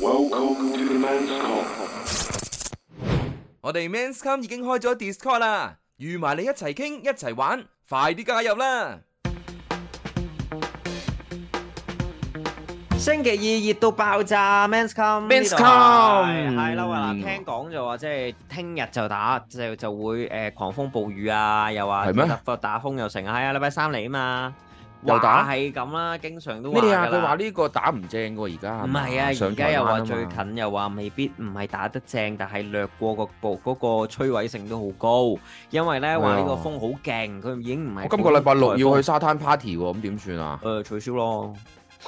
Welcome to Men's Come。我哋 Men's Come 已經開咗 Discord 啦，預埋你一齊傾一齊玩，快啲加入啦！星期二熱到爆炸 Men's Come，Men's Come。係咯，話、嗯、聽講就話、是，即係聽日就打就就會誒、呃、狂風暴雨啊，又話突發打風又成。係啊，禮拜三嚟嘛。又打，係咁啦，經常都話。咩啊？佢話呢個打唔正嘅喎，而家。唔係啊，而家又話最近又話未必唔係打得正，嗯、但係略過、嗰個部嗰、嗰個摧毀性都好高，因為咧話呢呦個風好勁，佢已經唔係。我今個禮拜六要去沙灘 party 喎，咁點算啊？誒、呃，取消咯。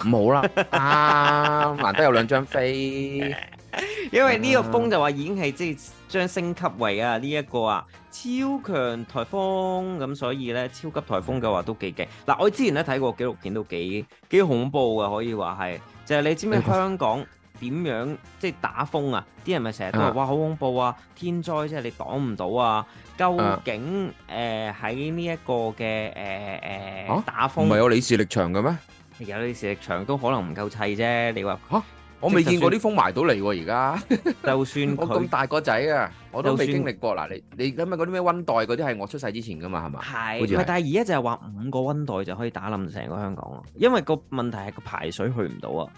唔好啦、 啊，難得有兩張飛。 因為呢個風就話已經係即將升級為啊呢一，這個啊超強颱風咁，所以呢，超級颱風嘅話都幾勁。嗱、啊，我之前咧睇過紀錄片都幾幾恐怖噶，可以話係就係、是、你知唔知香港點樣 即係打風啊？啲人咪成日都話哇好恐怖啊！天災即係你擋唔到啊？究竟誒喺呢一個嘅誒誒打風，唔係、啊、有李氏力場嘅咩？有李氏力場都可能唔夠砌啫。你話吓？啊我未見過啲風埋到嚟喎，而家就算 我咁大個仔啊，我都未就算 經歷過嗱。你你諗下嗰啲咩溫黛嗰啲係我出世之前噶嘛，係嘛？係是，但係而家就係話五個溫黛就可以打冧成個香港咯，因為個問題係個排水去唔到啊，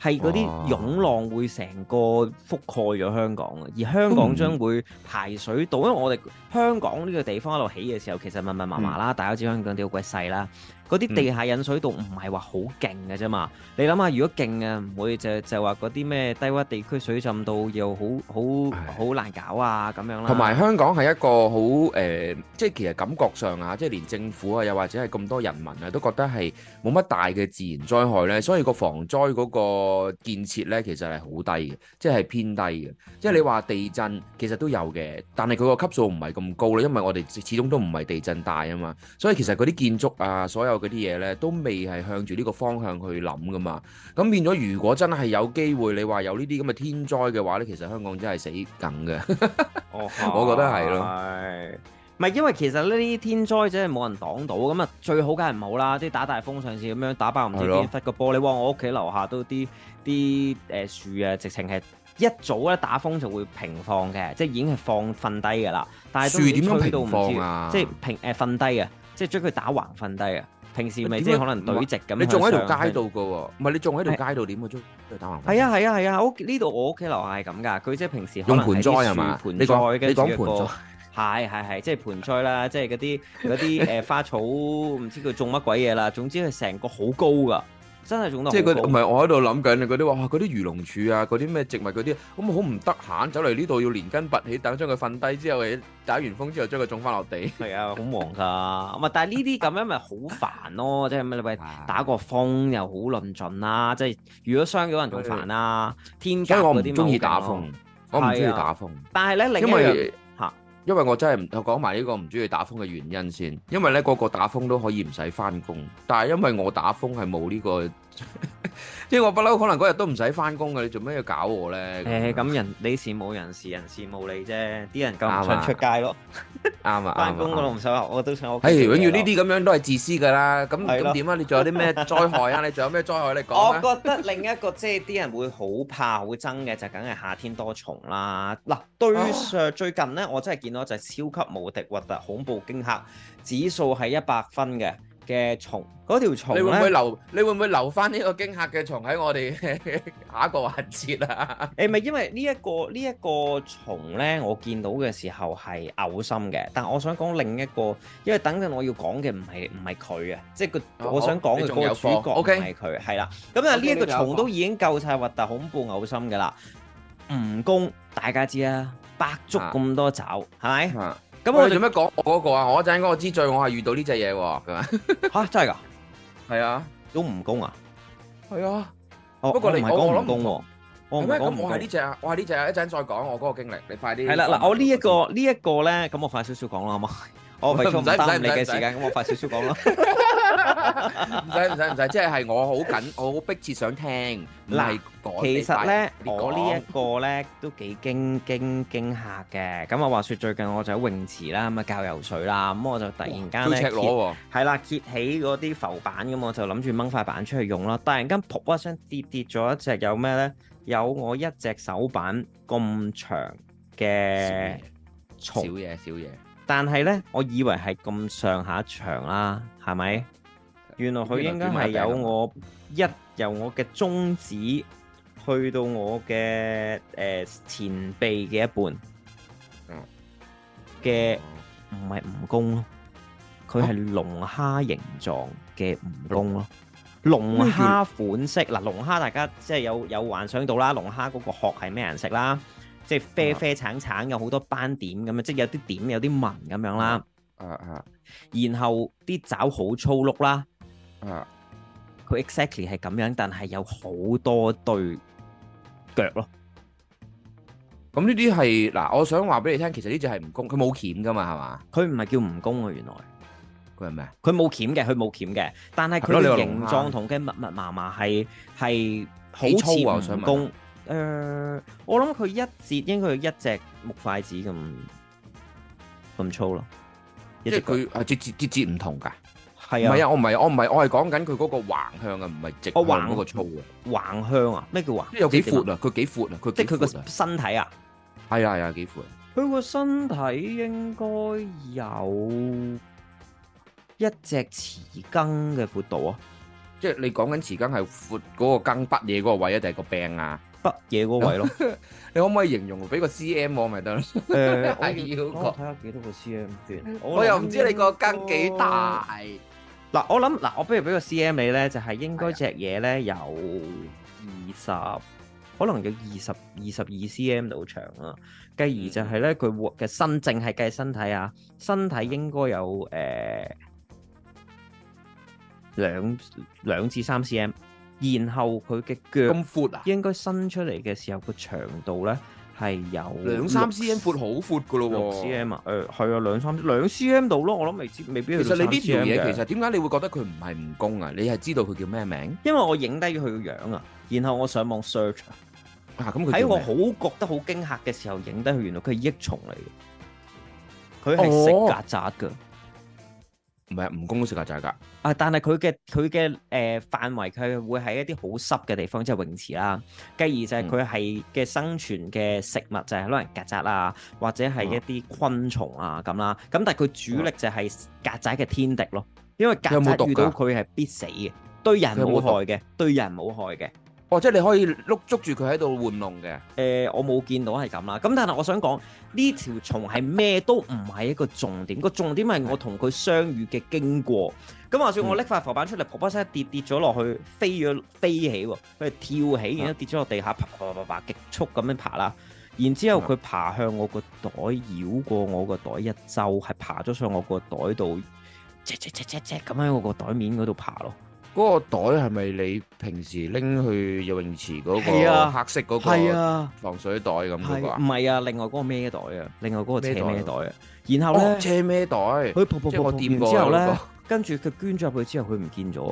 係嗰啲湧浪會成個覆蓋咗香港啊，哦、而香港將會排水到，嗯、因為我哋香港呢個地方喺度起嘅時候其實密密麻麻啦，嗯、大家知香港啲好鬼細啦。嗰啲地下引水道唔係話好勁嘅啫嘛，你諗下如果勁嘅唔會就就話嗰啲咩低窪地區水浸到又好好好難搞啊咁樣啦。同埋香港係一個好誒，即係其實感覺上啊，即係連政府啊，又或者係咁多人民啊，都覺得係冇乜大嘅自然災害咧，所以個防災嗰個建設咧，其實係好低嘅，即係偏低嘅。即係你話地震其實都有嘅，但係佢個級數唔係咁高啦，因為我哋始終都唔係地震帶啊嘛，所以其實嗰啲建築啊，所有。嗰啲嘢咧都未係向住呢個方向去諗噶嘛，咁變咗如果真係有機會，你話有呢啲咁嘅天災嘅話咧，其實香港真係死梗嘅。 oh, is. 我覺得係咯，係咪因為其實呢啲天災真係冇人擋到，咁啊最好梗係唔好啦。啲打大風上次咁樣打爆唔知邊忽個玻璃，你望我屋企樓下都啲啲誒樹啊，直情係一早咧打風就會平放嘅，即係已經係放瞓低噶啦。但係樹點樣平放啊？唔知，即係平誒瞓低嘅，即係將佢打橫瞓低啊！平時咪即係可能對直咁，你仲喺條街度嘅喎，唔係你仲喺條街度點嘅啫，都係打橫。係啊係啊係啊，啊啊啊我呢度我屋企樓下係咁噶，佢即係平時可能啲樹用盆栽係咪？盆栽，你講盆栽，係係係，即係盆栽啦，即係嗰啲嗰啲誒花草，唔知佢種乜鬼嘢啦，總之佢成個好高噶。真係種得，即係佢唔係我喺度諗緊你嗰啲話，嗰啲、啊、漁農署啊，嗰啲咩植物嗰啲，咁好唔得閒，走嚟呢度要連根拔起，等將佢瞓低之後，打完風之後將佢種翻落地。係啊，好忙噶。咁啊，但係呢啲咁樣咪好煩咯， 即係咪打個風又好論盡啦，即係如果傷咗人仲煩啊。的天氣因為我唔中意打風，的我唔中意打風。但係咧另一。因為因為我真係唔，我講埋呢個唔鍾意打風嘅原因先。因為咧，個個打風都可以唔使返工，但係因為我打風係冇呢個。即係 我不嬲，可能嗰日都唔使翻工嘅，你做咩要搞我咧？誒、欸，咁人你羨慕人，事，人羨慕你啫，啲人咁想出街咯，啱啊，翻工我都唔想， 我都想喺、欸、永遠呢啲咁樣都係自私噶啦。咁咁點啊？你仲有啲咩災害啊？你仲有咩災害你、啊、講 我覺得另一個即係啲人會好怕、好憎嘅就梗係夏天多蟲啦。嗱，對上最近咧，我真係見到就超級無敵核突、恐怖驚嚇指數係一百分嘅。嘅蟲，嗰條蟲你會唔會留？你會唔會留翻呢個驚嚇嘅蟲喺我哋 下一個環節啊？誒，咪因為、這個這個、呢一個呢一個蟲咧，我見到嘅時候係嘔心嘅。但我想講另一個，因為等陣我要講嘅唔係唔係佢啊，即係個好我想講嘅主角唔係佢，係啦 Okay?。咁、嗯、啊，呢一個蟲都已經夠晒核突恐怖嘔心㗎啦。蜈蚣大家知啊，百足咁多爪，係咪？咁我做咩講我嗰個啊？我一陣嗰個之最，我係遇到呢隻嘢喎。吓，真係噶？係啊，都蜈蚣啊？係啊。我不過你我我唔係講蜈蚣喎。我唔係講蜈蚣。我係呢隻啊！我係呢隻啊！一陣再講我嗰個經歷。你快啲。係啦，嗱，我呢一個呢一個咧，咁我快少少講啦，好嘛？我唔使耽誤你嘅時間，咁我快少少講啦。唔使唔使唔使，即係我好緊，我好迫切想聽。嗱，其實呢，我呢一個呢都幾驚驚驚吓嘅。咁啊、嗯，話說最近我就喺泳池啦，咪、嗯、教游水啦。咁我就突然間，幾尺攞係啦，揭起嗰啲浮板咁，我就諗住掹塊板出去用啦。突然間撲一聲跌跌咗一隻，有咩呢？有我一隻手板咁長嘅蟲，小嘢小嘢。少少但係呢，我以為係咁上下長啦，係咪？原來佢應該係有我一，由我嘅中指去到我嘅誒前臂嘅一半嘅。嗯，唔係蜈蚣咯，佢係龍蝦形狀嘅蜈蚣咯，龍蝦款式。嗱，龍蝦大家即係有有幻想到啦，龍蝦嗰個殼係咩顏色啦？即係啡啡橙橙，有好多斑點咁樣啊，即係有啲點有啲紋咁樣啦。啊啊，然後啲爪好粗碌啦～啊！佢 exactly 係咁樣，但係有好多對腳咯。咁呢啲係嗱，我想話俾你聽，其實呢隻係蜈蚣，佢冇鉗噶嘛，係嘛？佢唔係叫蜈蚣啊，原來佢係咩？佢冇鉗嘅，佢冇鉗嘅，但係佢嘅形狀同嘅密密麻麻係係好公粗啊！蜈蚣誒，我諗佢、呃、一截應該一隻木筷子咁咁粗咯，一為佢啊節節節唔同噶。係啊，唔係啊，我唔係，我唔係，我係講緊佢嗰個橫向啊，唔係直向嗰個粗啊。橫向啊？咩叫橫？即係有幾闊啊？佢幾闊啊？佢即係佢個身體啊？係啊係啊，幾闊？佢個身體應該有一隻匙羹嘅闊度啊！即係你講緊匙羹係闊嗰個羹不嘢嗰個位啊，定係個柄啊？不嘢嗰個位咯？你可唔可以形容俾個 CM 我咪得？誒，係要我睇下幾多個 CM 先。我又唔知你個羹幾大。嗱，我諗嗱，我不如俾個 C M 你咧，就係應該隻嘢咧有二十，可能有二十二十二 C M 到長啊，繼而就係咧佢嘅身淨係計身體啊，身體應該有誒兩兩至三 C M，然後佢嘅腳咁闊啊，應該伸出嚟嘅時候個長度咧。係有兩三 cm 闊，好闊噶咯喎。cm 啊、呃？誒，係啊，兩三兩 cm 度咯。我諗未知，未必。其實你呢條嘢其實點解你會覺得佢唔係蜈蚣啊？你係知道佢叫咩名？因為我影低咗佢個樣啊，然後我上網 search 啊。啊、嗯，咁喺我好覺得好驚嚇嘅時候，影低佢，原來佢係益蟲嚟嘅，佢係食曱甴嘅。Oh. 唔係蜈蚣食曱甴噶，啊！但係佢嘅佢嘅誒範圍，佢、呃、會喺一啲好濕嘅地方，即係泳池啦。繼而就係佢係嘅生存嘅食物、嗯、就係可能曱甴啊，或者係一啲昆蟲啊咁啦。咁、嗯、但係佢主力就係曱甴嘅天敵咯，因為曱甴遇到佢係必死嘅，有有對人冇害嘅，有有對人冇害嘅。或者、哦、你可以碌捉住佢喺度玩弄嘅。誒、啊，我冇見到係咁啦。咁但係我想講呢條蟲係咩都唔係一個重點，個 sl ope 重點係我同佢相遇嘅經過。咁話說我拎塊浮板出嚟，啪啪聲跌跌咗落去，飛咗飛起喎、哦，佢 跳起，然之後跌咗落地下，啪啪啪啪極速咁樣爬啦。然之後佢爬向我個袋，繞過我個袋一周，係爬咗上我個袋度，啫啫啫啫啫咁喺我個袋，袋面嗰度爬咯。嗰個袋係咪你平時拎去游泳池嗰個係啊，黑色嗰個防水袋咁嘅啩？唔係啊，另外嗰個孭袋啊，另外嗰個斜孭袋啊，然後咧斜孭袋佢噗噗噗掂完之後咧，跟住佢捐咗入去之後佢唔見咗。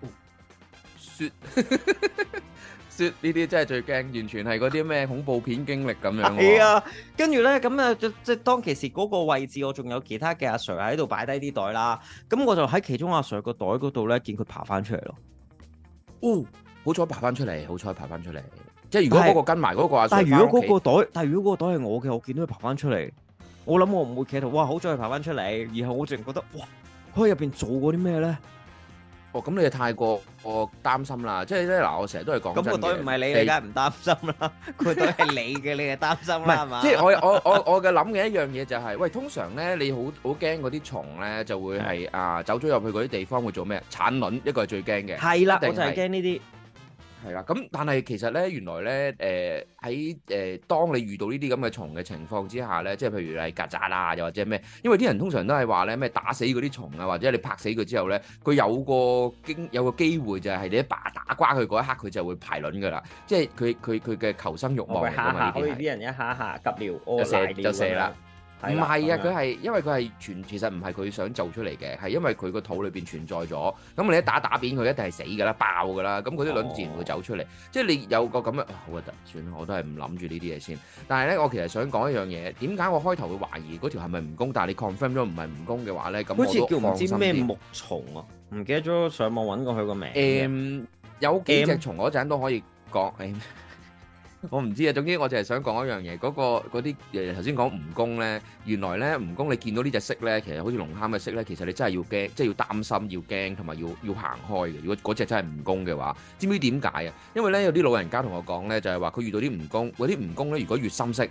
哦，雪。呢啲真係最驚，完全係嗰啲咩恐怖片經歷咁樣。係 啊，跟住咧，咁啊，即即當其時嗰個位置，我仲有其他嘅阿 sir 喺度擺低啲袋啦。咁我就喺其中阿 sir 個袋嗰度咧，見佢爬翻出嚟咯。哦，好彩爬翻出嚟，好彩爬翻出嚟。即如果嗰個跟埋嗰個阿 sir 翻屋企，但係如果嗰個袋，但係如果個袋係我嘅，我見到佢爬翻出嚟，我諗我唔會企喺度哇，好彩爬翻出嚟。然後我淨覺得哇，佢喺入邊做過啲咩咧？哦，咁你又太過過擔心啦，即係咧嗱，我成日都係講真，咁絕對唔係你，你梗係唔擔心啦，絕 對係你嘅，你係擔心啦，係嘛？ 即係我我我我嘅諗嘅一樣嘢就係、是，喂，通常咧你好好驚嗰啲蟲咧，就會係的啊走咗入去嗰啲地方會做咩？產卵，一個係最驚嘅，係啦的，我就係驚呢啲。係啦，咁但係其實咧，原來咧，誒喺誒，當你遇到呢啲咁嘅蟲嘅情況之下咧，即係譬如係曱甴啊，又或者咩？因為啲人通常都係話咧，咩打死嗰啲蟲啊，或者你拍死佢之後咧，佢有個經有個機會就係你一巴打瓜佢嗰一刻，佢就會排卵噶啦，即係佢佢佢嘅求生慾望係。下下嗰啲人一下下急尿屙就射就射啦。唔係啊！佢係樣因為佢係全，其實唔係佢想做出嚟嘅，係因為佢個肚裏邊存在咗。咁你一打打扁佢，一定係死㗎啦，爆㗎啦。咁嗰啲卵自然會走出嚟。哦、即係你有個咁嘅，好核突，算啦，我都係唔諗住呢啲嘢先。但係咧，我其實想講一樣嘢，點解我開頭會懷疑嗰條係咪蜈蚣？但係你 confirm 咗唔係蜈蚣嘅話咧，咁好似叫唔知咩木蟲啊，唔記得咗上網揾過佢個名。誒、嗯，有幾隻蟲嗰陣都可以講。嗯我唔知啊，總之我淨係想講一樣嘢，嗰、那個嗰啲誒頭先講蜈蚣咧，原來咧蜈蚣你見到呢隻色咧，其實好似龍蝦嘅色咧，其實你真係要驚，即係要擔心，要驚同埋要要行開嘅。如果嗰隻真係蜈蚣嘅話，知唔知點解啊？因為咧有啲老人家同我講咧，就係話佢遇到啲蜈蚣，嗰啲蜈蚣咧，如果越深色，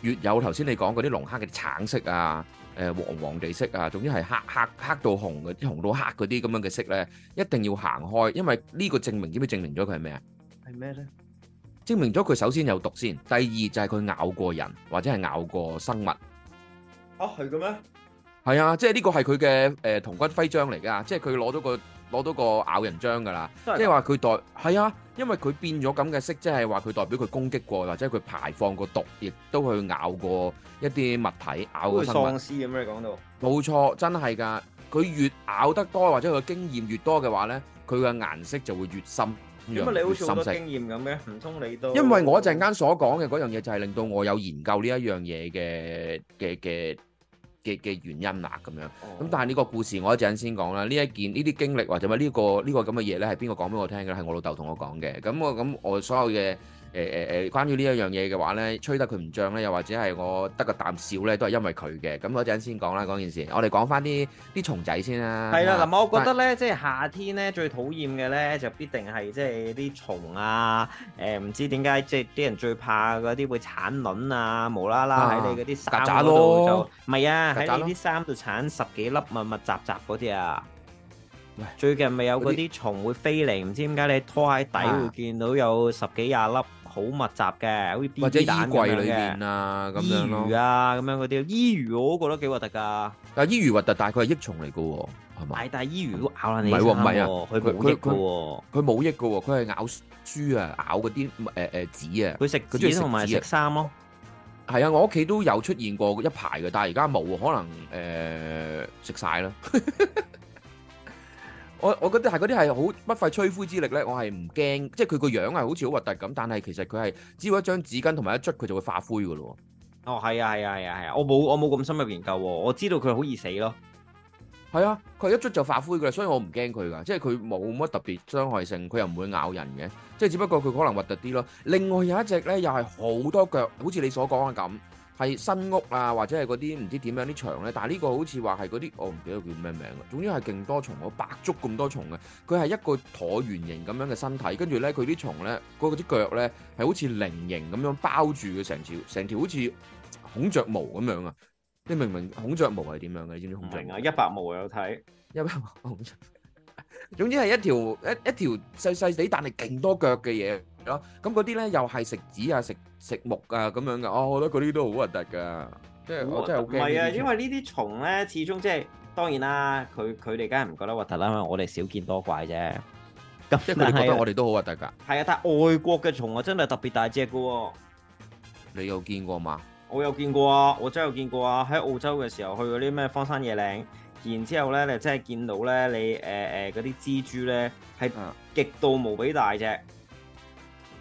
越有頭先你講嗰啲龍蝦嘅橙色啊，誒黃黃地色啊，總之係黑黑黑到紅啲紅到黑嗰啲咁樣嘅色咧，一定要行開，因為呢個證明知唔知證明咗佢係咩啊？係咩咧？證明咗佢首先有毒先，第二就係佢咬過人或者係咬過生物。啊，係嘅咩？係啊，即係呢個係佢嘅誒同骨徽章嚟噶，即係佢攞到個攞到個咬人章噶啦，即係話佢代係啊，因為佢變咗咁嘅色，即係話佢代表佢攻擊過或者佢排放過毒液，亦都去咬過一啲物體咬過喪屍咁。你講到冇錯，真係㗎，佢越咬得多或者佢經驗越多嘅話咧，佢嘅顏色就會越深。做乜你好似好多經驗咁嘅？唔通你都因為我一陣間所講嘅嗰樣嘢，就係令到我有研究呢一樣嘢嘅嘅嘅嘅嘅原因啦咁樣。咁、哦、但係呢個故事我，我一陣先講啦。呢一件呢啲經歷或者咪呢、呢個呢、呢個咁嘅嘢咧，係邊個講俾我聽嘅？係我老豆同我講嘅。咁我咁我所有嘅。誒誒誒，關於呢一樣嘢嘅話咧，吹得佢唔脹咧，又或者係我得個啖笑咧，都係因為佢嘅。咁嗰陣先講啦，講件事。我哋講返啲啲蟲仔先啦。係啦，咁我覺得咧，即係夏天咧最討厭嘅咧，就必定係即係啲蟲啊。誒，唔知點解即係啲人最怕嗰啲會產卵啊，無啦啦喺你嗰啲曱甴嗰度就唔係啊，喺你啲衫度產十幾粒密密雜雜嗰啲啊。最近咪有嗰啲蟲會飛嚟，唔知點解你拖鞋底會見到有十幾廿粒。好密集嘅，或者衣櫃裏面啊，咁樣咯，衣魚啊，咁樣嗰啲，衣魚我都覺得幾核突噶。但係衣魚核突，但係佢係益蟲嚟嘅喎，係咪？係，但係衣魚都咬爛你啊！唔係喎，唔係啊，佢冇他益嘅喎，佢冇益嘅喎，佢係咬豬啊，咬嗰啲誒誒紙啊，佢食紙同埋食衫咯。係啊，啊，我屋企都有出現過一排嘅，但係而家冇，可能誒食晒啦。呃 我我覺得係嗰啲係好不費吹灰之力咧。我係唔驚，即係佢個樣係好似好核突咁，但係其實佢係只要一張紙巾同埋一捽，佢就會化灰㗎咯。哦，係啊，係啊，係啊，係啊，我冇我冇咁深入研究，我知道佢好易死咯。係啊，佢一捽就化灰㗎啦，所以我唔驚佢㗎，即係佢冇乜特別傷害性，佢又唔會咬人嘅，即係只不過佢可能核突啲咯。另外有一隻咧，又係好多腳，好似你所講嘅咁。係新屋啊，或者係嗰啲唔知點樣啲牆咧，但係呢個好似話係嗰啲我唔記得叫咩名啦。總之係勁多蟲，百足咁多蟲嘅。佢係一個橢圓形咁樣嘅身體，跟住咧佢啲蟲咧嗰啲腳咧係好似菱形咁樣包住佢，成條，成條好似孔雀毛咁樣啊！你明唔明孔雀毛係點樣嘅？你知唔知孔雀毛？明啊， 一百毛有睇，一百毛孔雀。總之係一條一一條細細哋，但係勁多腳嘅嘢。咯，咁嗰啲咧又係食紙啊、食食木啊咁樣噶，我覺得嗰啲都好核突噶。即係我真係好驚唔係啊，因為呢啲蟲咧，始終即係當然啦，佢佢哋梗係唔覺得核突啦，我哋少見多怪啫。咁即係你覺得我哋都好核突㗎？係啊，但係外國嘅蟲啊，真係特別大隻噶。你有見過嘛？我有見過啊，我真係有見過啊！喺澳洲嘅時候，去嗰啲咩荒山野嶺，然之後咧，你真係見到咧，你誒誒嗰啲蜘蛛咧係極度無比大隻。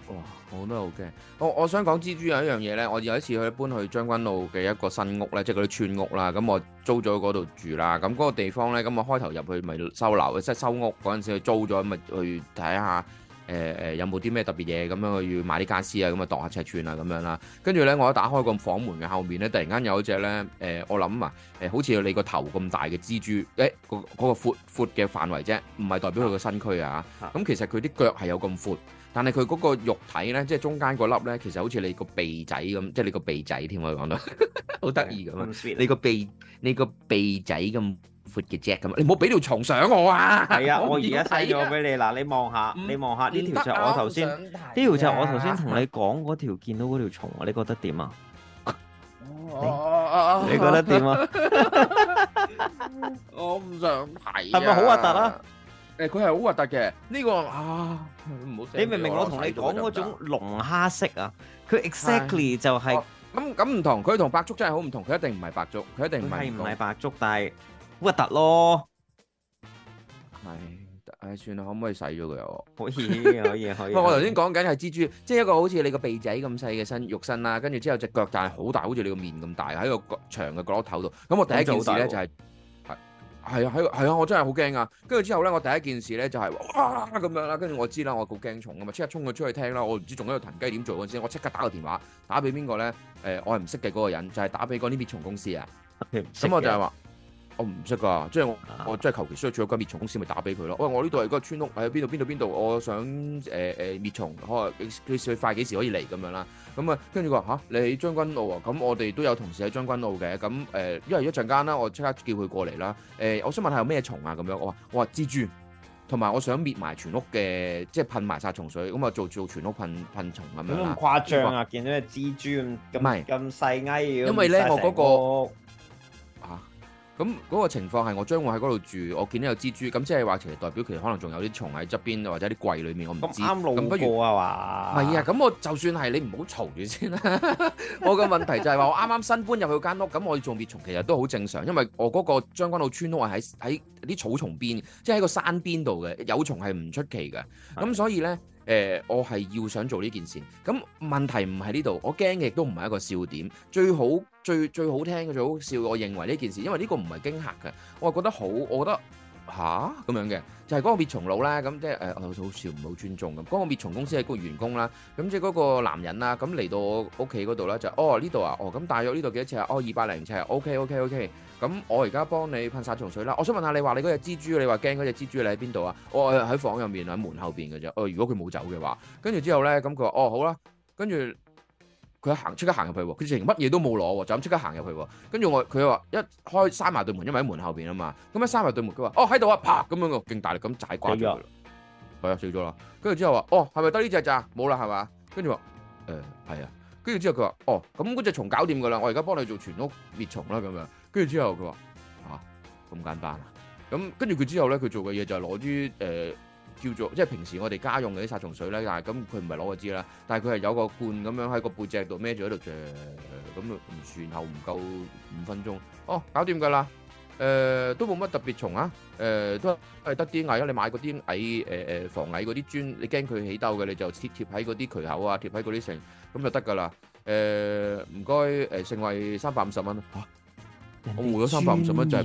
哇，我都好驚。我我想講蜘蛛有一樣嘢咧，我有一次去搬去將軍澳嘅一個新屋咧，即係嗰啲村屋啦。咁我租咗嗰度住啦。咁嗰個地方咧，咁我開頭入去咪收樓，即係收屋嗰陣時去租咗，咪去睇下誒誒，有冇啲咩特別嘢？咁樣去買啲家私啊，咁啊度下尺寸啊，咁樣啦。跟住咧，我一打開個房門嘅後面咧，突然間有一隻咧，誒，我諗啊，誒，好似你個頭咁大嘅蜘蛛，誒，嗰個闊闊嘅範圍啫，唔係代表佢個身軀啊。咁其實佢啲腳係有咁闊。但係佢嗰個肉體咧，即係中間嗰粒咧，其實好似你個鼻仔咁，即係你個鼻仔添啊！我講到好得意咁啊！你個鼻，你個鼻仔咁闊嘅隻咁，你唔好俾條蟲上我啊！係啊，我而家細咗俾你嗱，你望下，你望下呢條蟲。我頭先呢條蟲，我頭先同你講嗰條，見到嗰條蟲啊！你覺得點啊？你覺得點啊？我唔想睇啊！係咪好核突啊？誒，佢係好核突嘅呢個啊！你明唔明我同你講嗰種龍蝦色啊？佢 exactly 唉就係咁咁唔同，佢同白粥真係好唔同，佢一定唔係白粥，佢一定唔係唔係白粥，但係核突咯。係唉、哎，算啦，可唔可以洗咗佢？ 可以，可以，可以。 我頭先講緊係蜘蛛，即、就、係、是、一個好似你個鼻仔咁細嘅身肉身啦，跟住之後隻腳就係好大，好似你個面咁大喺個長嘅角落頭度。咁我第一件事咧就係、是。係啊，係啊，啊，我真係好驚啊！跟住之後咧，我第一件事咧就係、是、哇咁樣啦，跟住我知啦，我好驚蟲㗎嘛，即刻衝佢出去聽啦！我唔知仲喺度騰雞點做嗰時，我即刻打個電話打俾邊個咧？誒，我係唔識嘅嗰個人，就係、是、打俾嗰啲滅蟲公司啊！咁我就係話。我唔識㗎，即係我我即係求其需要做一間滅蟲公司，咪打俾佢咯。喂，我呢度係嗰個村屋，喺邊度邊度邊度？我想誒誒、呃、滅蟲，可幾幾時快幾時，時可以嚟咁樣啦？咁啊，跟住佢話吓，你喺將軍澳啊？咁我哋都有同事喺將軍澳嘅。咁誒，因、呃、為一陣間啦，我即刻叫佢過嚟啦。誒、呃，我想問下有咩蟲啊？咁樣我話我話蜘蛛，同埋我想滅埋全屋嘅，即係噴埋殺蟲水，咁啊做做全屋噴噴蟲咁樣。咁誇張啊！見到隻蜘蛛咁咁咁細蟻因為咧，為我嗰、那個。咁嗰個情況係我將會喺嗰度住，我見到有蜘蛛，咁即係話其實代表其實可能仲有啲蟲喺側邊或者啲櫃裏面，我唔知。咁啱路過啊嘛？唔係啊，咁我就算係你唔好嘈住先啦、啊。 我嘅問題就係話我啱啱新搬入去間屋，咁我要做滅蟲其實都好正常，因為我嗰個將軍澳村屋喺喺啲草叢邊，即係喺個山邊度嘅，有蟲係唔出奇嘅。咁的所以咧。誒、呃，我係要想做呢件事，咁問題唔喺呢度，我驚嘅亦都唔係一個笑點，最好最最好聽嘅最好笑，我認為呢件事，因為呢個唔係驚嚇嘅，我係覺得好，我覺得吓，噉樣嘅。就係嗰個滅蟲佬啦，咁即係誒，我好少唔好尊重咁。嗰、嗰個滅蟲公司係個員工啦，咁即係嗰個男人啦，咁嚟到我屋企嗰度啦，就哦呢度啊，哦咁、哦、大約呢度幾多尺啊？哦二百零尺啊 OK OK OK，咁、okay. 我而家幫你噴殺蟲水啦。我想問下你話你嗰隻蜘蛛，你話驚嗰隻蜘蛛你喺邊度啊？我喺房入面喺門後邊嘅啫。哦，呃呃、如果佢冇走嘅話，跟住之後咧，咁佢話哦好啦，跟住。佢行即刻行入去喎，佢直情乜嘢都冇攞喎，就咁即刻行入去喎。跟住我佢話一開閂埋對門，因為喺門後邊啊嘛。咁一閂埋對門，佢話哦喺度啊，啪咁樣，個勁大力咁拽掛咗佢啦。係啊了，死咗啦。跟住之後話哦，係咪得呢隻咋？冇啦係嘛？跟住話誒係啊。跟住之後佢話哦，咁嗰隻蟲搞掂噶啦，我而家幫你做全屋滅蟲啦咁樣。跟住之後佢話啊，咁簡單啊。咁跟住佢之後咧，佢做嘅嘢就係攞啲誒。呃叫做即係平時我哋家用嘅啲殺蟲水咧，但係咁佢唔係攞個支啦，但係佢係有個罐咁樣喺個背脊度孭住喺度，咁啊唔算後唔夠五分鐘。哦，搞掂噶啦，誒都冇乜特別蟲啊，誒都係得啲蟻啊。你買嗰啲蟻誒誒防蟻嗰啲磚，你驚佢起竇嘅，你就貼貼喺嗰啲渠口啊，貼喺嗰啲剩咁就得噶啦。誒唔該誒，盛惠三百五十蚊吓，我回咗三百五十蚊大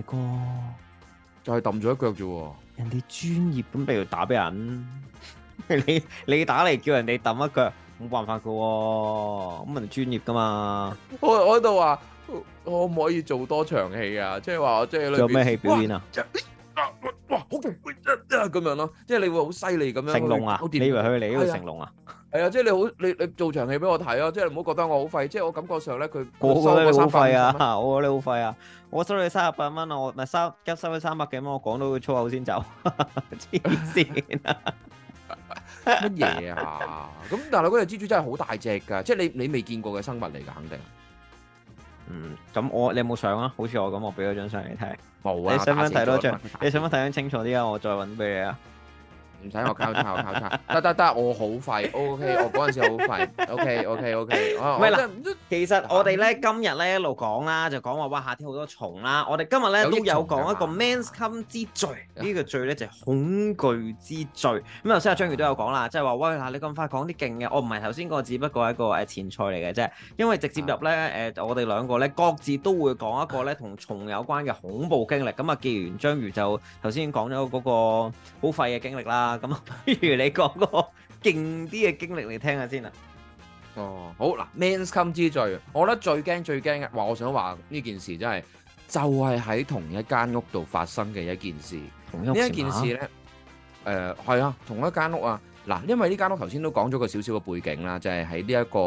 哥，就係抌咗一腳啫。人哋專業咁譬如打俾人， 你你打嚟叫人哋抌一腳，冇辦法噶、啊，咁人哋專業噶嘛？我我喺度話，我可唔可以做多場戲啊？即係話，即係有咩戲表演啊？好勁啊！咁樣咯，即係你會好犀利咁樣，成龍啊，你以為佢嚟呢個成龍啊？係啊，啊，即係你好，你你做場戲俾我睇咯，啊，即係唔好覺得我好廢，即係我感覺上咧佢我收咗三萬蚊，我話你好廢啊！我收咗你三十八蚊啊！我咪收收咗三百幾蚊，我講到粗口先走，黐線啊！乜嘢啊？咁但係嗰隻蜘蛛真係好大隻噶，啊，即係你你未見過嘅生物嚟噶，肯定。嗯，咁我你有冇相啊？好似我咁，我俾咗張相你睇。冇啊，你想唔想睇多張？你想唔想睇得清楚啲啊？我再搵俾你啊。唔使我考察，我考察得得得，我好快，O K，我嗰陣時好快，O K O K O K，唔係嗱，其實我哋咧今日咧一路講啦，就講話哇夏天好多蟲啦，我哋今日咧都有講一個 man's come 之最，呢個最咧就係恐懼之最。咁啊，頭先阿章魚都有講啦，即係話喂嗱，你咁快講啲勁嘅，我唔係頭先個，只不過係一個誒前菜嚟嘅啫，因為直接入咧誒我哋兩個咧各自都會講一個咧同蟲有關嘅恐怖經歷。咁啊，既然章魚就頭先講咗嗰個好廢嘅經歷啦。啊，咁啊，不如你講個勁啲嘅經歷嚟聽下先啊。哦，好嗱，men’s come 之最，我覺得最驚最驚嘅。話我想話呢件事真係就係喺同一間屋度發生嘅一件事。同一間屋啊。呢一件事咧，誒，係啊，同一間屋啊。嗱，因為呢間屋頭先都講咗個少少嘅背景啦，就係喺呢一個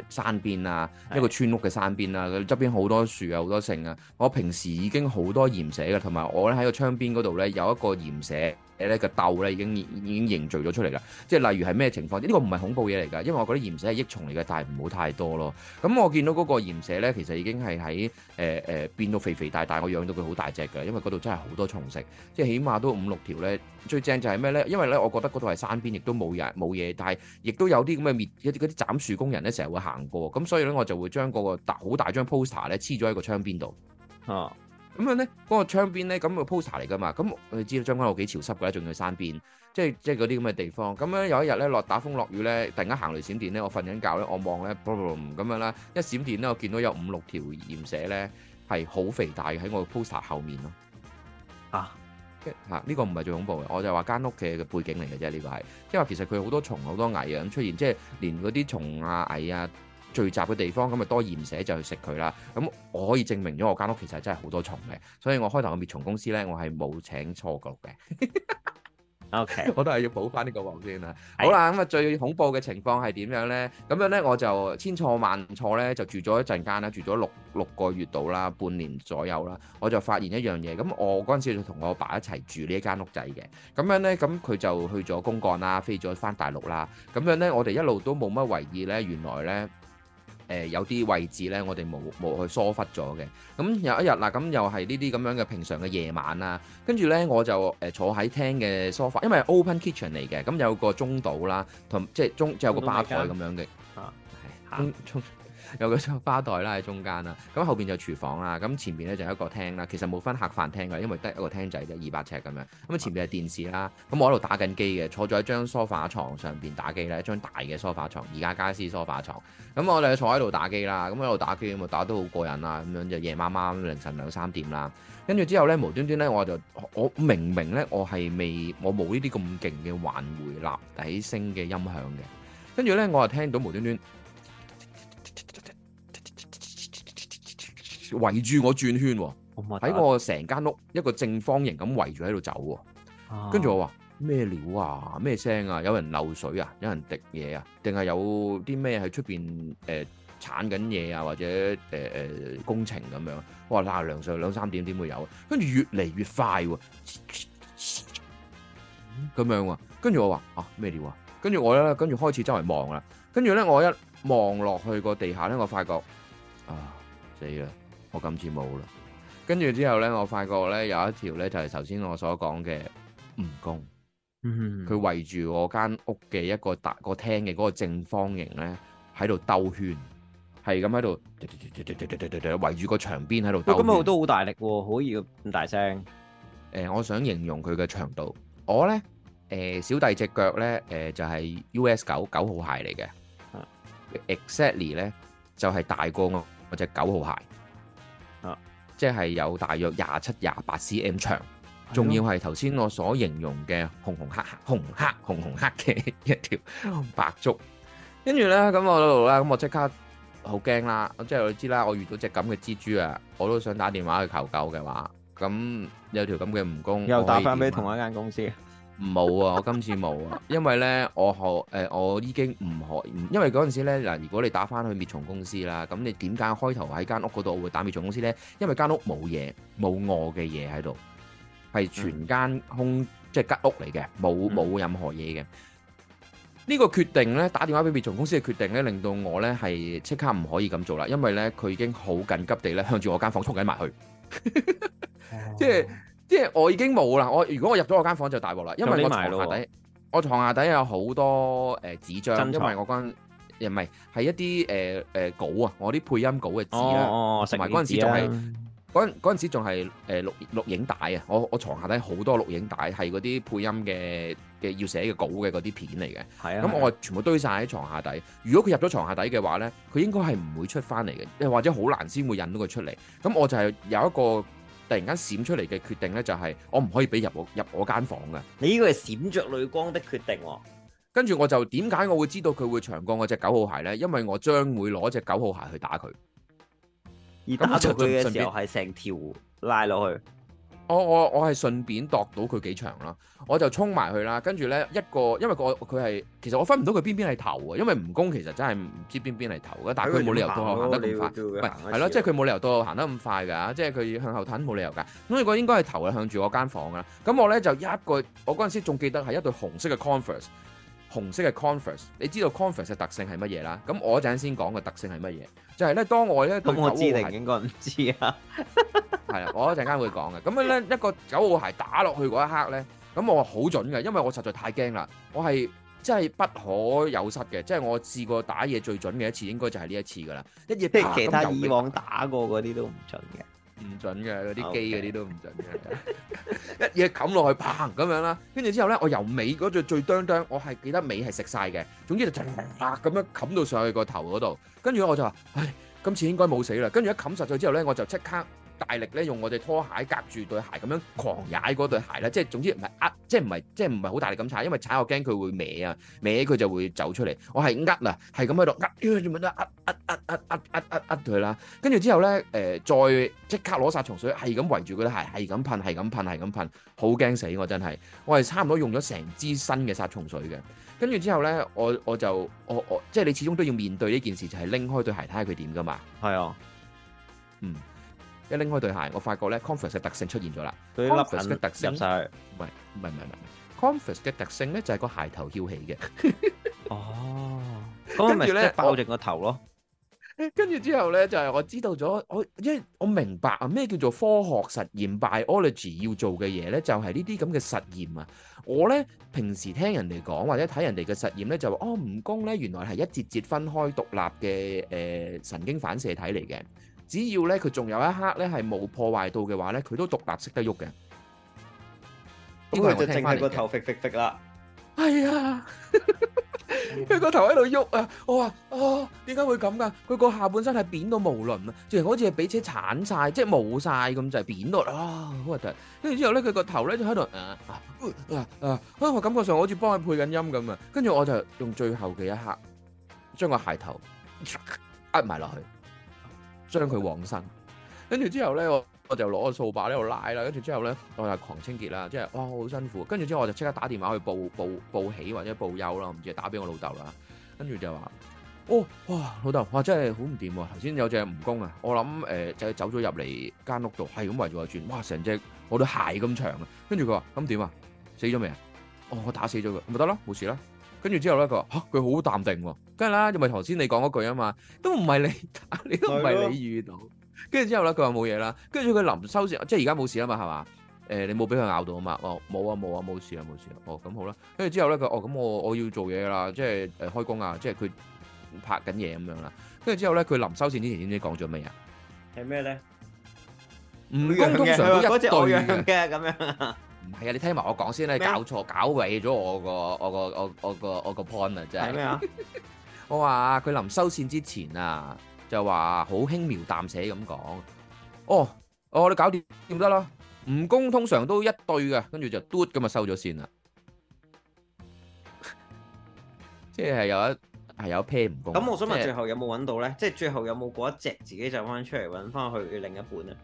誒山邊啊，一個村屋嘅山邊啦。佢側邊好多樹啊，好多剩啊。我平時已經好多鹽蛇嘅，同埋我咧喺個窗邊嗰度咧有一個鹽蛇。誒咧個竇咧已經已經凝聚咗出嚟啦，即係例如係咩情況？呢、這個唔係恐怖嘢嚟噶，因為我覺得鹽蛇係益蟲嚟嘅，但係唔好太多咯。咁我見到嗰個鹽蛇咧，其實已經係喺誒誒變到肥肥大大，我養到佢好大隻噶，因為嗰度真係好多蟲食，即係起碼都五六條咧。最正就係咩咧？因為咧，我覺得嗰度係山邊，亦都冇人冇嘢，但係亦都有啲咁嘅滅啲嗰啲斬樹工人咧，成日會行過，咁所以咧我就會將嗰個好大張 poster 咧黐咗喺個窗邊度，嚇。啊。咁樣咧，嗰個窗邊咧，咁個 poster 嚟噶嘛？咁我哋知道將軍澳幾潮濕噶啦，仲要去山邊，即係即係嗰啲咁嘅地方。咁樣有一日咧，落打風落雨咧，突然間行雷閃電咧，我瞓緊覺咧，我望咧 b 咁樣啦，一閃電咧，我見到有五六條鹽蛇咧，係好肥大嘅喺我個 poster 後面咯。啊，嚇！呢個唔係最恐怖嘅，我就話間屋企嘅背景嚟嘅啫。呢個係即係話其實佢好多蟲好多蟻啊咁出現，即係連嗰啲蟲啊蟻啊。聚集嘅地方咁咪多鹽蛇就去食佢啦。咁我可以證明咗我間屋其實真係好多蟲嘅，所以我開頭個滅蟲公司呢，我係冇請錯過嘅。 o Okay . K，我都係要補翻呢個鑊先啦。 好啦，咁啊最恐怖嘅情況係點樣呢？咁樣呢，我就千錯萬錯呢，就住咗一陣間啦，住咗六六個月到啦，半年左右啦，我就發現一樣嘢。咁我嗰陣時就同我爸一齊住呢一間屋仔嘅，咁樣呢，咁佢就去咗公幹啦，飛咗翻大陸啦。咁樣呢，我哋一路都冇乜懷疑呢，原來呢。誒有啲位置呢，我哋冇冇去疏忽咗嘅。咁有一日嗱，咁又係呢啲咁樣嘅平常嘅夜晚啦。跟住呢，我就誒坐喺廳嘅梳化因為 open kitchen 嚟嘅。咁有個中島啦，同即係中即有個吧台咁樣嘅。啊，係有個花袋啦，喺中間啦，咁後邊就廚房啦，咁前邊咧就一有，有一個廳啦。其實冇分客飯廳㗎，因為得一個廳仔啫，二百尺咁樣。咁前邊係電視啦，咁我喺度打緊機嘅，坐咗喺一張梳化床上邊打機，一張大嘅梳，梳化床，而家家私梳化床。咁我哋坐喺度打機啦，咁喺度打機咁啊打，打得好過癮啊，咁樣就夜晚晚凌晨兩三點啦。跟住之後咧，無端端咧我就我明明咧我係未我冇呢啲咁勁嘅環回立體聲嘅音響嘅，跟住咧我就聽到無端端。圍住我轉圈喎，喺、oh、my 我成間屋一個正方形咁圍住喺度走喎，跟住、ah. 我話咩料啊，咩聲啊，有人漏水啊，有人滴嘢啊，定係有啲咩喺出邊誒鏟緊嘢啊，或者誒誒、呃、工程咁樣，我話嗱梁上兩三點兩三點會有，跟住越嚟越快咁樣，跟住我話啊咩料啊，跟住、啊、我咧跟住開始周圍望啦，跟住咧我一望落去個地下咧，我發覺啊死啦！我今次冇啦，跟住之後咧，我發覺咧有一條咧就係頭先我所講嘅蜈蚣，佢圍住我間屋嘅一個大個廳嘅嗰個正方形咧喺度兜圈，係咁喺度圍住個牆邊喺度兜。咁佢都好大力喎，可以咁大聲。誒，我想形容佢嘅長度。我咧誒小弟隻腳咧誒就係 U.S. 九九號鞋嚟嘅，exactly 咧就係大過我我隻九號鞋。啊！即係有大約廿七廿八 cm 長，仲的要係頭先我所形容嘅紅紅黑黑、紅黑紅紅黑嘅一條百足。跟住呢，咁我到度啦，咁我即刻好驚啦！即係你知啦，我遇到隻咁嘅蜘蛛啊，我都想打電話去求救嘅話，咁有條咁嘅蜈蚣，又打翻俾同一間公司。 冇 啊！我今次冇啊，因為呢，我學誒、呃，我已經唔學，因為嗰陣時咧嗱，如果你打翻去滅蟲公司啦，咁你點解開頭喺間屋嗰度我會打滅蟲公司呢，因為間屋冇嘢，冇我嘅嘢喺度，係全間空，嗯、即係吉屋嚟嘅，冇冇任何嘢嘅。呢、嗯、個決定呢，打電話俾滅蟲公司嘅決定呢，令到我呢係即刻唔可以咁做啦，因為呢，佢已經好緊急地呢向住我間房衝緊埋去，即 係、就是。即係我已經冇啦，我如果我入咗我間房就大鑊啦，因為我床下底，我床下底有好多誒、呃、紙張，因為我嗰又唔係係一啲誒誒稿啊，我啲配音稿嘅紙、哦哦、啊，同埋嗰陣時仲係嗰陣嗰陣時仲係誒錄錄影帶啊，我我牀下底好多錄影帶，係嗰啲配音嘅嘅要寫嘅稿嘅嗰啲片嚟嘅，咁、啊、我全部堆晒喺床下底。如果佢入咗床下底嘅話咧，佢應該係唔會出翻嚟嘅，或者好難先會引到佢出嚟。咁我就係有一個突然間閃出嚟嘅決定咧，就係我唔可以俾入我入我間房嘅。你呢個係閃着淚光的決定喎。跟住我就點解我會知道佢會長過我隻九號鞋呢？因為我將會攞隻九號鞋去打佢，而打出去嘅時候係成條拉落去。我我我係順便度到佢幾場啦，我就衝埋去啦。跟住咧一個，因為個佢係其實我分唔到佢邊邊係頭啊，因為蜈蚣其實真係唔知邊邊係頭嘅。但係佢冇理由到後行得咁快，唔係係咯，即係佢冇理由到後行得咁快㗎。即係佢向後褪冇理由㗎。咁以我應該係頭啊，向住我間房啊。咁我咧就一個，我嗰陣時仲記得係一對紅色嘅 converse。紅色嘅 Converse，你知道 Converse 嘅特性係乜嘢啦？咁我一陣先講個特性係乜嘢？就係咧，當我咧對九號鞋，應該唔知啊。係 啦，我一陣間會講嘅。咁樣咧，一個九號鞋打落去嗰一刻咧，咁我好準嘅，因為我實在太驚啦。我係真係不可有失嘅，即係我試過打嘢最準嘅一次，應該就係呢一次噶啦。一嘢即係其他以往打過嗰啲都唔準嘅。唔準嘅，嗰啲機嗰啲都唔準嘅，Okay. 一嘢冚落去，砰咁樣啦。跟住之後咧，我由尾嗰隻、那個、最啄啄，我係記得尾係食晒嘅。總之就砰咁、呃、樣冚到上去個頭嗰度。跟住我就話：唉，今次應該冇死啦。跟住一冚實咗之後咧，我就即刻。大力咧用我對拖鞋隔住對鞋咁樣狂踩嗰對鞋啦，即係總之唔係呃，即係唔係，即係唔係好大力咁踩，因為踩我驚佢會歪啊，歪佢就會走出嚟。我係呃啦，係咁喺度呃，做乜咧？壓壓壓壓壓壓佢啦，跟住之後咧，誒，再即刻攞殺蟲水，係咁圍住嗰對鞋，係咁噴，係咁噴，係咁噴，好驚死我真係，我係差唔多用咗成支新嘅殺蟲水嘅。跟住之後咧，我我就我我即係你始終都要面對呢件事，就係拎開對鞋睇下佢點噶嘛。係啊，嗯。一拎開對鞋，我發覺咧 Converse 嘅特性出現咗啦。Converse 嘅特性入曬，唔係唔係唔係。Converse 嘅特性咧就係個鞋頭翹起嘅。哦，咁咪即係包定個頭咯。跟住之後咧，就係我知道咗，我一我明白啊咩叫做科學實驗 biology 要做嘅嘢咧，就係呢啲咁嘅實驗啊。我咧平時聽人哋講或者睇人哋嘅實驗咧，就話哦，蜈蚣咧原來係一節節分開獨立嘅誒神經反射體嚟嘅。只要咧佢仲有一刻咧係冇破壞到嘅話咧，佢都獨立識得喐嘅。咁佢就淨係個頭揈揈揈啦。係啊，佢個頭喺度喐啊！我話哦，點解會咁噶？佢個下半身係扁到無倫，哦、啊，仲好似係俾車鏟晒，即係冇晒咁就係扁到啦，好核突。跟住之後咧，佢個頭咧就喺度啊啊我感覺上好似幫佢配緊音咁啊。跟住我就用最後嘅一刻將個鞋頭壓埋落去。將佢往生。跟住之後咧，我我就攞個掃把喺度拉啦，跟住之後咧，我就狂清潔啦，即係哇，好辛苦。跟住之後我就即刻打電話去報報報喜或者報憂啦，唔知係打俾我老豆啦。跟住就話，哦，哇，老豆哇，真係好唔掂，頭先有隻蜈蚣啊，我諗誒、呃、就走咗入嚟間屋度，係咁圍住我轉，哇，成隻我對鞋咁長啊。跟住佢話咁點啊，死咗未啊？哦，我打死咗佢，咪得咯，冇事啦。跟住之後咧，佢話佢好淡定喎、啊，跟住啦，又咪頭先你講嗰句啊嘛，都唔係你，你都唔係你遇到。跟住的之後咧，佢話冇嘢啦。跟住佢臨收線，即係而家冇事啊嘛，係嘛？誒、呃，你冇俾佢咬到啊嘛？哦，冇啊冇啊冇、啊、事啊冇事哦，咁好啦、啊。跟住之後咧，佢哦咁我我要做嘢啦，即係誒、呃、開工啊，即係佢拍緊嘢咁樣啦。跟住之後咧，佢臨收線之前先唔講咗咩啊？係咩咧？唔公嘅佢嗰隻，我養嘅咁樣。係啊，你聽埋我講先啦，搞錯搞毀咗我個我個我我個我個 point 啊！真係。係咩啊？ 我話佢臨收線之前啊，就話好輕描淡寫咁講，哦哦，你搞掂掂得啦。行行嗯、蜈蚣通常都一對嘅，跟住就嘟 o 咁啊收咗線啦。即 係有一係、就是、有一 pair 蜈蚣。咁我想問最後有冇搵到咧？即係最後有冇嗰一隻自己就翻出嚟搵翻去另一半啊？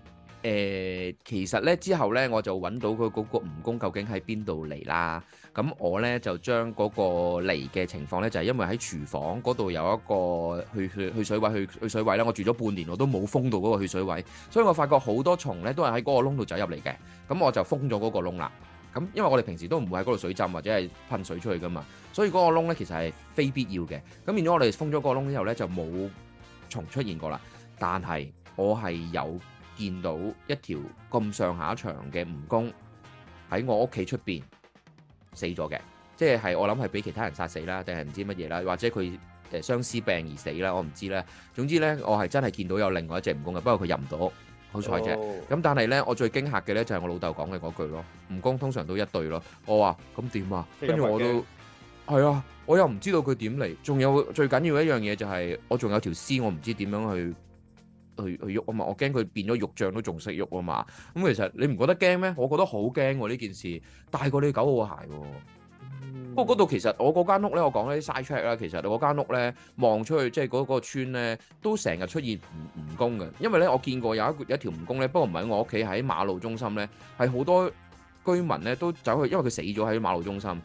誒、嗯，其實咧之後咧，我就揾到佢嗰個蜈蚣究竟喺邊度嚟啦。咁我咧就將嗰個嚟嘅情況咧，就係、是、因為喺廚房嗰度有一個去去去水位去去水位啦。我住咗半年，我都冇封到嗰個去水位，所以我發覺好多蟲咧都係喺嗰個窿度走入嚟嘅。咁我就封咗嗰個窿啦。咁因為我哋平時都唔會喺嗰度水浸或者係噴水出去噶嘛，所以嗰個窿咧其實係非必要嘅。咁變咗我哋封咗嗰個窿之後咧，就冇蟲出現過啦。但係我係有。見到一條咁上下長嘅蜈蚣喺我屋企出邊死咗嘅，即係我諗係俾其他人殺死啦，定係唔知乜嘢啦，或者佢誒相思病而死啦，我唔知啦。總之呢，我係真係見到有另外一隻蜈蚣嘅，不過佢入唔到屋，好彩啫。咁、嗯、但係呢，我最驚嚇嘅呢就係我老豆講嘅嗰句咯。蜈蚣通常都一對咯，我話咁點啊？跟住我都係啊，我又唔知道佢點嚟。仲有最緊要一樣嘢就係、是、我仲有條屍，我唔知點樣去。去去喐啊嘛，我驚佢變咗肉醬都仲識喐啊嘛。咁其實你唔覺得驚咩？我覺得好驚喎呢件事，大過你九號鞋啊。不過嗰度其實我嗰間屋咧，我講啲 size check 啦。其實嗰間屋咧，望出去，即係嗰個村咧，都成日出現蜈蜈蚣嘅。因為咧，我見過有一有一條蜈蚣咧，不過唔係我屋企，喺馬路中心咧，係好多居民咧都走去，因為佢死咗喺馬路中心，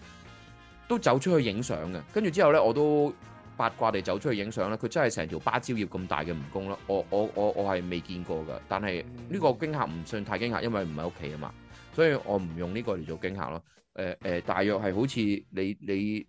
都走出去影相嘅。跟住之後咧，我都。八卦地走出去影相咧，佢真係成條芭蕉葉咁大嘅蜈蚣啦！我我我我係未見過噶，但係呢個驚嚇唔算太驚嚇，因為唔喺屋企啊嘛，所以我唔用呢個嚟做驚嚇咯。誒、呃、誒、呃，大約係好似你你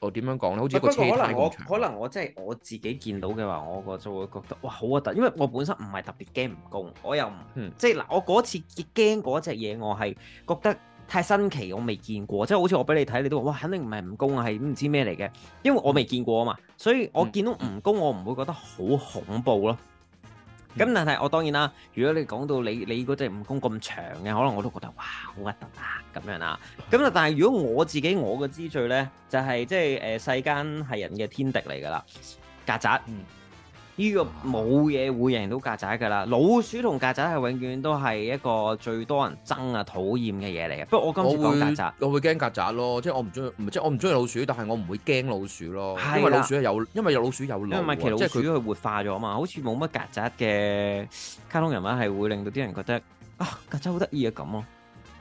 我點樣講咧，好似個車胎咁長。可能我，我可能我真係我自己見到嘅話，我就會覺得哇好核突，因為我本身唔係特別驚蜈蚣，我又唔即係嗱，我嗰次驚嗰隻嘢，我係覺得。太新奇，我未見過，即係好似我俾你睇，你都話哇，肯定唔係蜈蚣啊，係唔知咩嚟嘅，因為我未見過啊嘛，所以我見到蜈蚣，我唔會覺得好恐怖咯。咁、嗯、但係我當然啦，如果你講到你你嗰隻蜈蚣咁長嘅，可能我都覺得哇，好核突啊咁樣啊。咁啊，但係如果我自己我嘅之最呢，就係即係誒世間係人嘅天敵嚟噶啦，曱甴。嗯呢個冇嘢會贏到曱甴㗎啦，老鼠同曱甴係永遠都係一個最多人憎啊討厭嘅嘢嚟嘅。不過我今次講曱甴，我會驚曱甴咯，即係我唔中意，即係我唔中意老鼠，但係我唔會驚老鼠咯。因為老鼠係有，因為有老鼠有腦啊。唔係、就是，其實佢都係活化咗啊嘛，好似冇乜曱甴嘅卡通人物係會令到啲人覺得啊曱甴好得意啊咁、啊、咯。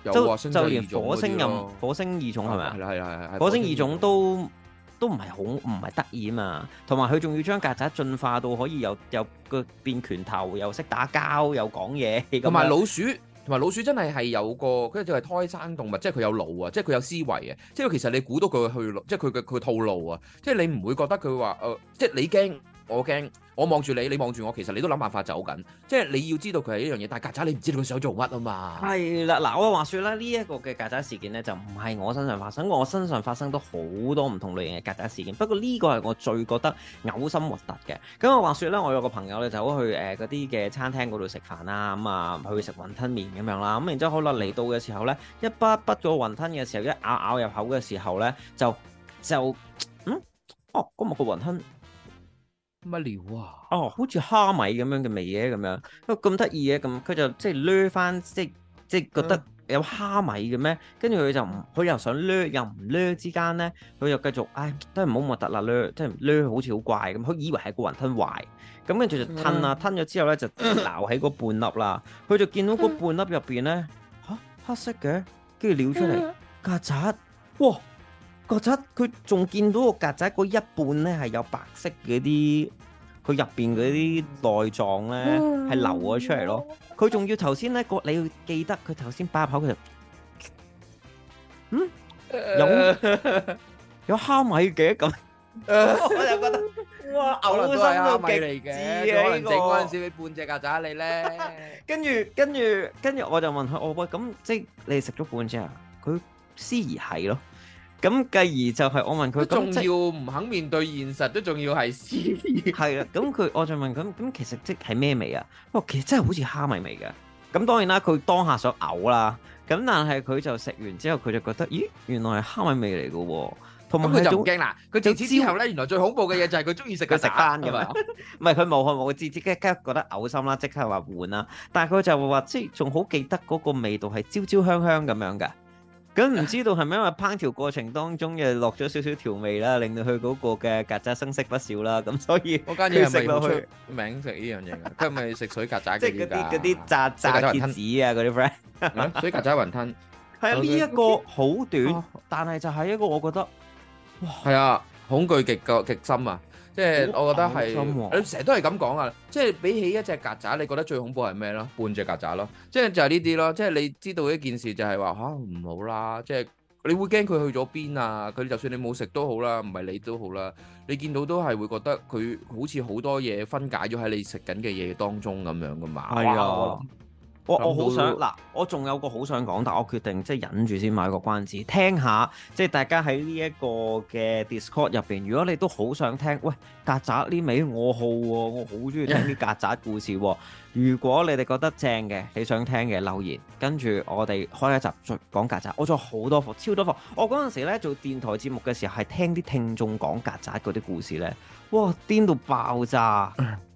就就連火星人、火星異種係咪啊？係火星異種都。都唔係好唔係得意啊嘛，同埋佢仲要將曱甴進化到可以有，有又個變拳頭，又識打交，又講嘢。同埋老鼠，同埋老鼠真係係有個，佢就係胎生動物，即係佢有腦啊，即係佢有思維啊，即係其實你估到佢嘅去，即係佢嘅佢套路啊，即係你唔會覺得佢話，誒、呃，即係你驚。我驚，我望住你，你望住我，其實你都諗辦法走緊，即係你要知道佢係一樣嘢，但係曱甴你唔知道佢想做乜啊嘛。係啦，嗱， 我、 嗯、話説啦，呢一個嘅曱甴事件咧，就唔係我身上發生，我身上發生咗好多唔同類型嘅曱甴事件，不過呢個係我最覺得嘔心核突嘅。咁、嗯、我話説咧，我有個朋友咧，就去誒嗰啲嘅餐廳嗰度食飯啦，咁、嗯、啊去食雲吞麵咁樣啦，咁、嗯、然之後好啦嚟到嘅時候咧，一筆筆咗雲吞嘅時候，一咬咬入口嘅時候咧，就就嗯，哦，咁、那、日個雲吞。乜料啊？哦，好似蝦米咁樣嘅味嘅咁樣，咁得意嘅咁，佢就即係掠翻，即係即係覺得有蝦米嘅咩？跟住佢就唔，佢又想掠又唔掠之間咧，佢就繼續，唉、哎，都係唔好核突啦掠，即係掠好似好怪咁，佢以為係個雲吞壞，咁跟住就吞啊、嗯、吞咗之後咧就撈起個半粒啦，佢就見到個半粒入邊咧吓，黑色嘅，跟住撩出嚟，曱甴。哇！覺得佢仲見到個曱甴嗰一半咧係有白色嗰啲，佢入邊嗰啲內臟咧係流咗出嚟咯。佢仲要頭先咧，個你要記得佢頭先八口佢就嗯有有蝦米嘅咁，我就覺得哇，牛心都蝦米嚟嘅，可能整嗰陣時俾半隻曱甴你咧。跟住跟住跟住，我就問佢：我喂，咁即係你食咗半隻啊？佢思疑係咯。咁繼而就係我問佢，仲要唔肯面對現實，都仲要係 C P。係啊， 咁佢我仲問佢，咁其實即係咩味啊？哦，其實真係好似蝦米味嘅。咁當然啦，佢當下想嘔啦。咁但係佢就食完之後，佢就覺得，咦，原來係蝦米味嚟嘅喎。同埋佢就唔驚啦。佢自此之後咧，原來最恐怖嘅嘢就係佢中意食佢食翻嘅嘛。唔係佢無害無知，即刻即刻覺得嘔心啦，即刻話換啦。但係佢就話即係仲好記得嗰個味道係焦焦香香咁樣嘅。咁唔知道係咪因為烹調過程當中又落咗少少調味啦，令到佢嗰個嘅曱甴生色不少啦，咁所以我間嘢食落去是是名，名食依樣嘢嘅，佢係咪食水曱甴？即係嗰啲啲曱甴結子啊，嗰啲 friend。水曱甴雲吞係啊！呢一個好短，Okay. 哦，但係就係一個我覺得，哇！係啊，恐懼極極深啊！即係我覺得係，你成日都係咁講啊！即係比起一隻曱甴，你覺得最恐怖係咩咯？半隻曱甴咯，即係就係呢啲咯。即係你知道一件事就，就係話吓，唔好啦。即係你會驚佢去咗邊啊？佢就算你冇食都好啦，唔係你都好啦。你見到都係會覺得佢好似好多嘢分解咗喺你食緊嘅嘢當中咁樣噶嘛？係啊。我好想嗱，我仲有個好想講，但我決定即係忍住先買個關子，聽下即係大家喺呢一個嘅 Discord 入邊，如果你都好想聽，喂曱甴呢味我好喎、啊，我好中意聽啲曱甴故事喎、啊。如果你哋覺得正嘅，你想聽嘅留言，跟住我哋開一集再講曱甴。我仲好多幅，超多幅。我嗰陣時咧做電台節目嘅時候，係聽啲聽眾講曱甴嗰啲故事咧，哇癲到爆炸！嗯。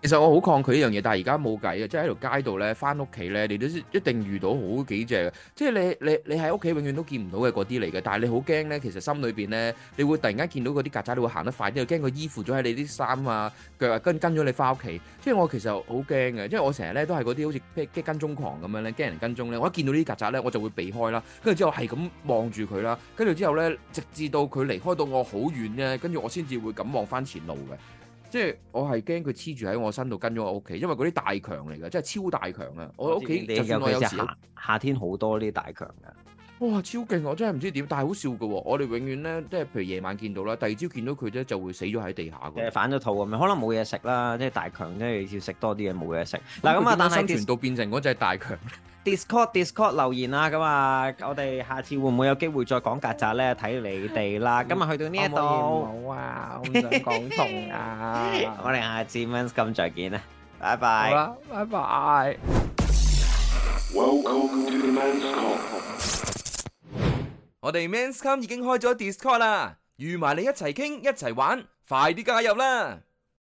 其實我好抗拒呢樣嘢，但係而家冇計啊！即係喺條街度咧，翻屋企咧，你都一定遇到好幾隻嘅。即係你你你喺屋企永遠都見唔到嘅嗰啲嚟嘅，但係你好驚咧。其實心裏邊咧，你會突然間見到嗰啲曱甴，你會行得快啲，驚佢依附咗喺你啲衫啊腳啊跟跟咗你翻屋企。即係我其實好驚嘅，因為我成日咧都係嗰啲好似咩跟蹤狂咁樣咧，驚人跟蹤咧。我一見到呢啲曱甴咧，我就會避開啦。跟住之後係咁望住佢啦。跟住之後咧，直至到佢離開到我好遠咧，跟住我先至會咁望翻前路嘅。即係我係驚佢黐住喺我身度跟咗我屋企，因為嗰啲大強嚟噶，即係超大強啊！我屋企就算我有夏，夏天好多呢啲大強噶，哇超勁，我真係唔知點，但係好笑噶、哦，我哋永遠咧即係譬如夜晚見到啦，第二朝見到佢咧就會死咗喺地下嘅，反咗肚咁樣，可能冇嘢食啦，即係大強即係要食多啲嘢，冇嘢食嗱咁啊，但係生存到變成嗰隻大強。Discord Discord 留言啊，咁啊，我哋下次會唔會有機會再講曱甴咧？睇你哋啦。今日去到呢度，好啊，唔想講痛啊！我哋下次 Men's Come 再見啦，拜拜。好啦，拜拜。Welcome to Men's Come。我哋 Men's Come 已經開咗 Discord 啦，預埋你一齊傾，一齊玩，快啲加入啦！